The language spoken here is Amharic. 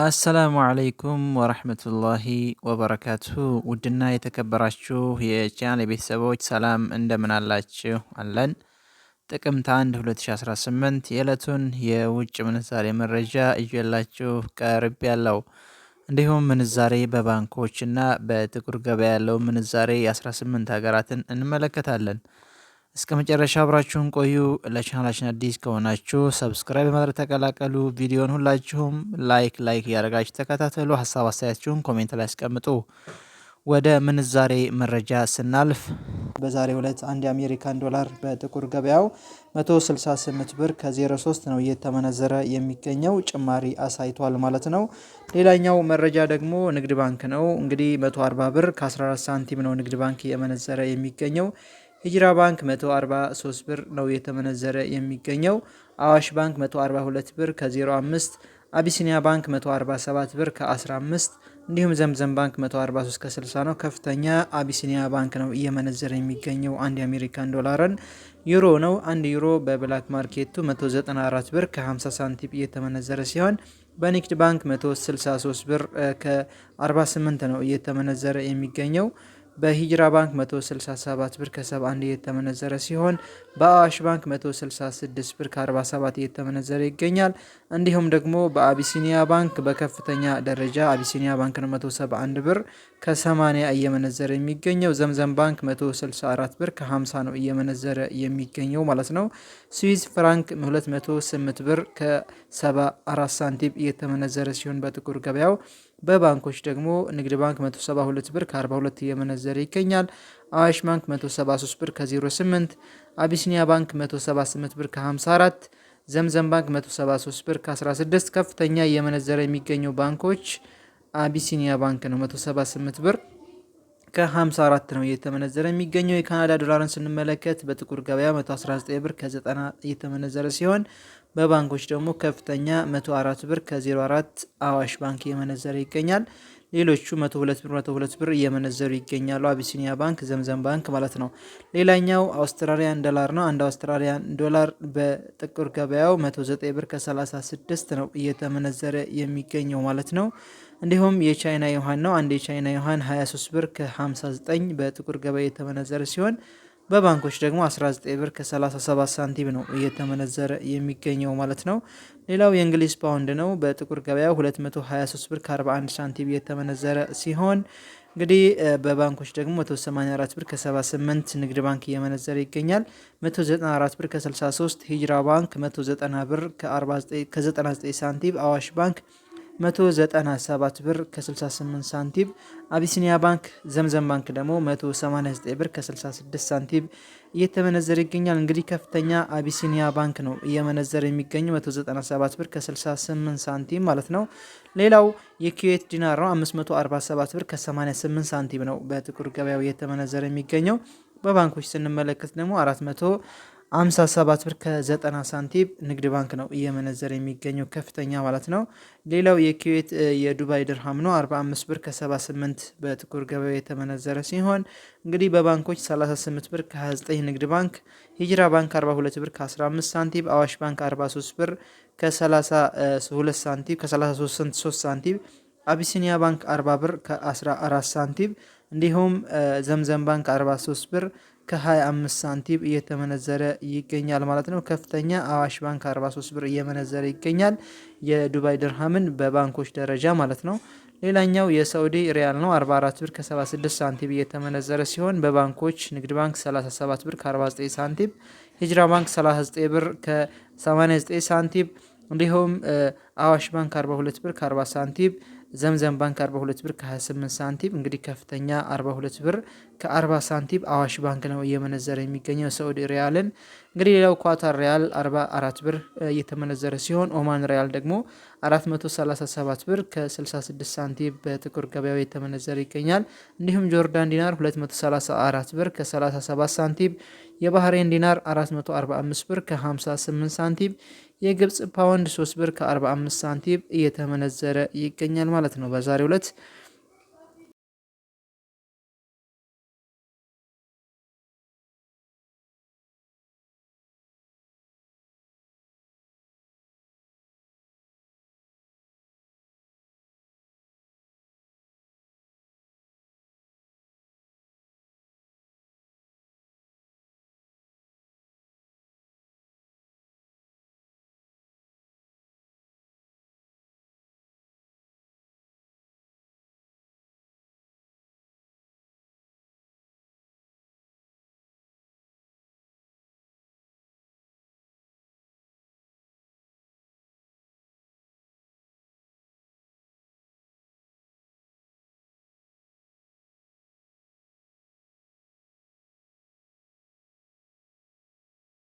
አሰላሙ አለይኩም ወረህመቱላሂ ወበረካቱሁ ውድና የተከበራችሁ የቻናል ቤተሰቦች ሰላም እንደምን አላችሁ? አለን ጥቅምት 1 2018 የዕለቱን የውጭ ምንዛሬ መረጃ እየላችሁ ቀርብ ያለው እንዲሁም ምንዛሬ በባንኮችና በጥቁር ገበያ ያለው ምንዛሬ የ18 ሀገራትን እንመለከታለን። እስከ መጨረሻ አብራችሁን ቆዩ። ለቻናላችን አዲስ ከሆናችሁ ሰብስክራይብ በማድረግ ተቀላቀሉ። ቪዲዮን ሁላችሁም ላይክ ላይክ እያደረጋችሁ ተከታተሉ። ሀሳብ አስተያየታችሁን ኮሜንት ላይ አስቀምጡ። ወደ ምንዛሬ መረጃ ስናልፍ በዛሬ ዕለት አንድ የአሜሪካን ዶላር በጥቁር ገበያው 168 ብር ከ03 ነው እየተመነዘረ የሚገኘው ጭማሪ አሳይቷል ማለት ነው። ሌላኛው መረጃ ደግሞ ንግድ ባንክ ነው። እንግዲህ 140 ብር ከ14 ሳንቲም ነው ንግድ ባንክ እየመነዘረ የሚገኘው ሂጅራ ባንክ 143 ብር ነው የተመነዘረ የሚገኘው። አዋሽ ባንክ 142 ብር ከ05፣ አቢሲኒያ ባንክ 147 ብር ከ15 እንዲሁም ዘምዘም ባንክ 143 ከ60 ነው። ከፍተኛ አቢሲኒያ ባንክ ነው እየመነዘረ የሚገኘው አንድ የአሜሪካን ዶላርን። ዩሮ ነው። አንድ ዩሮ በብላክ ማርኬቱ 194 ብር ከ50 ሳንቲም እየተመነዘረ ሲሆን በንግድ ባንክ 163 ብር ከ48 ነው እየተመነዘረ የሚገኘው። በሂጅራ ባንክ 167 ብር ከ71 እየተመነዘረ ሲሆን በአዋሽ ባንክ 166 ብር ከ47 እየተመነዘረ ይገኛል። እንዲሁም ደግሞ በአቢሲኒያ ባንክ በከፍተኛ ደረጃ አቢሲኒያ ባንክ 171 ብር ከ80 እየመነዘረ የሚገኘው ዘምዘም ባንክ 164 ብር ከ50 ነው እየመነዘረ የሚገኘው ማለት ነው። ስዊዝ ፍራንክ 208 ብር ከ74 ሳንቲም እየተመነዘረ ሲሆን በጥቁር ገበያው በባንኮች ደግሞ ንግድ ባንክ 172 ብር ከ42 እየመነዘረ ይገኛል። አዋሽ ባንክ 173 ብር ከ08፣ አቢሲኒያ ባንክ 178 ብር ከ54፣ ዘምዘም ባንክ 173 ብር ከ16 ከፍተኛ እየመነዘረ የሚገኙ ባንኮች አቢሲኒያ ባንክ ነው 178 ብር ከ54 ነው እየተመነዘረ የሚገኘው። የካናዳ ዶላርን ስንመለከት በጥቁር ገበያ 119 ብር ከ90 እየተመነዘረ ሲሆን በባንኮች ደግሞ ከፍተኛ 104 ብር ከ04 አዋሽ ባንክ እየመነዘረ ይገኛል። ሌሎቹ 102 ብር 102 ብር እየመነዘሩ ይገኛሉ። አቢሲኒያ ባንክ፣ ዘምዘም ባንክ ማለት ነው። ሌላኛው አውስትራሊያን ዶላር ነው። አንድ አውስትራሊያን ዶላር በጥቁር ገበያው 109 ብር ከ36 ነው እየተመነዘረ የሚገኘው ማለት ነው። እንዲሁም የቻይና ዮሐን ነው። አንድ የቻይና ዮሐን 23 ብር ከ59 በጥቁር ገበያ የተመነዘረ ሲሆን በባንኮች ደግሞ 19 ብር ከ37 ሳንቲም ነው እየተመነዘረ የሚገኘው ማለት ነው። ሌላው የእንግሊዝ ፓውንድ ነው። በጥቁር ገበያ 223 ብር ከ41 ሳንቲም እየተመነዘረ ሲሆን እንግዲህ በባንኮች ደግሞ 184 ብር ከ78 ንግድ ባንክ እየመነዘረ ይገኛል። 194 ብር ከ63 ሂጅራ ባንክ 190 ብር ከ99 ሳንቲም አዋሽ ባንክ 197 ብር ከ68 ሳንቲም፣ አቢሲኒያ ባንክ፣ ዘምዘም ባንክ ደግሞ 189 ብር ከ66 ሳንቲም እየተመነዘረ ይገኛል። እንግዲህ ከፍተኛ አቢሲኒያ ባንክ ነው እየመነዘረ የሚገኘው 197 ብር ከ68 ሳንቲም ማለት ነው። ሌላው የኩዌት ዲናር ነው 547 ብር ከ88 ሳንቲም ነው በጥቁር ገበያው እየተመነዘረ የሚገኘው። በባንኮች ስንመለከት ደግሞ 400 57 ብር ከ90 ሳንቲም ንግድ ባንክ ነው እየመነዘረ የሚገኘው ከፍተኛ ማለት ነው። ሌላው የኩዌት የዱባይ ድርሃም ነው 45 ብር ከ78 በጥቁር ገበያ የተመነዘረ ሲሆን እንግዲህ በባንኮች 38 ብር ከ29 ንግድ ባንክ፣ ሂጅራ ባንክ 42 ብር ከ15 ሳንቲም፣ አዋሽ ባንክ 43 ብር ከ32 ሳንቲም ከ33 ሳንቲም፣ አቢሲኒያ ባንክ 40 ብር ከ14 ሳንቲም እንዲሁም ዘምዘም ባንክ 43 ብር ከ25 ሳንቲም እየተመነዘረ ይገኛል ማለት ነው። ከፍተኛ አዋሽ ባንክ 43 ብር እየመነዘረ ይገኛል የዱባይ ድርሃምን በባንኮች ደረጃ ማለት ነው። ሌላኛው የሳዑዲ ሪያል ነው። 44 ብር ከ76 ሳንቲም እየተመነዘረ ሲሆን በባንኮች ንግድ ባንክ 37 ብር ከ49 ሳንቲም፣ ሂጅራ ባንክ 39 ብር ከ89 ሳንቲም እንዲሁም አዋሽ ባንክ 42 ብር ከ40 ሳንቲም፣ ዘምዘም ባንክ 42 ብር ከ28 ሳንቲም። እንግዲህ ከፍተኛ 42 ብር ከ40 ሳንቲም አዋሽ ባንክ ነው እየመነዘረ የሚገኘው ሳዑዲ ሪያልን። እንግዲህ ሌላው ኳታር ሪያል 44 ብር እየተመነዘረ ሲሆን ኦማን ሪያል ደግሞ 437 ብር ከ66 ሳንቲም በጥቁር ገበያው የተመነዘረ ይገኛል። እንዲሁም ጆርዳን ዲናር 234 ብር ከ37 ሳንቲም፣ የባህሬን ዲናር 445 ብር ከ58 ሳንቲም የግብፅ ፓውንድ 3 ብር ከ45 ሳንቲም እየተመነዘረ ይገኛል ማለት ነው። በዛሬው ዕለት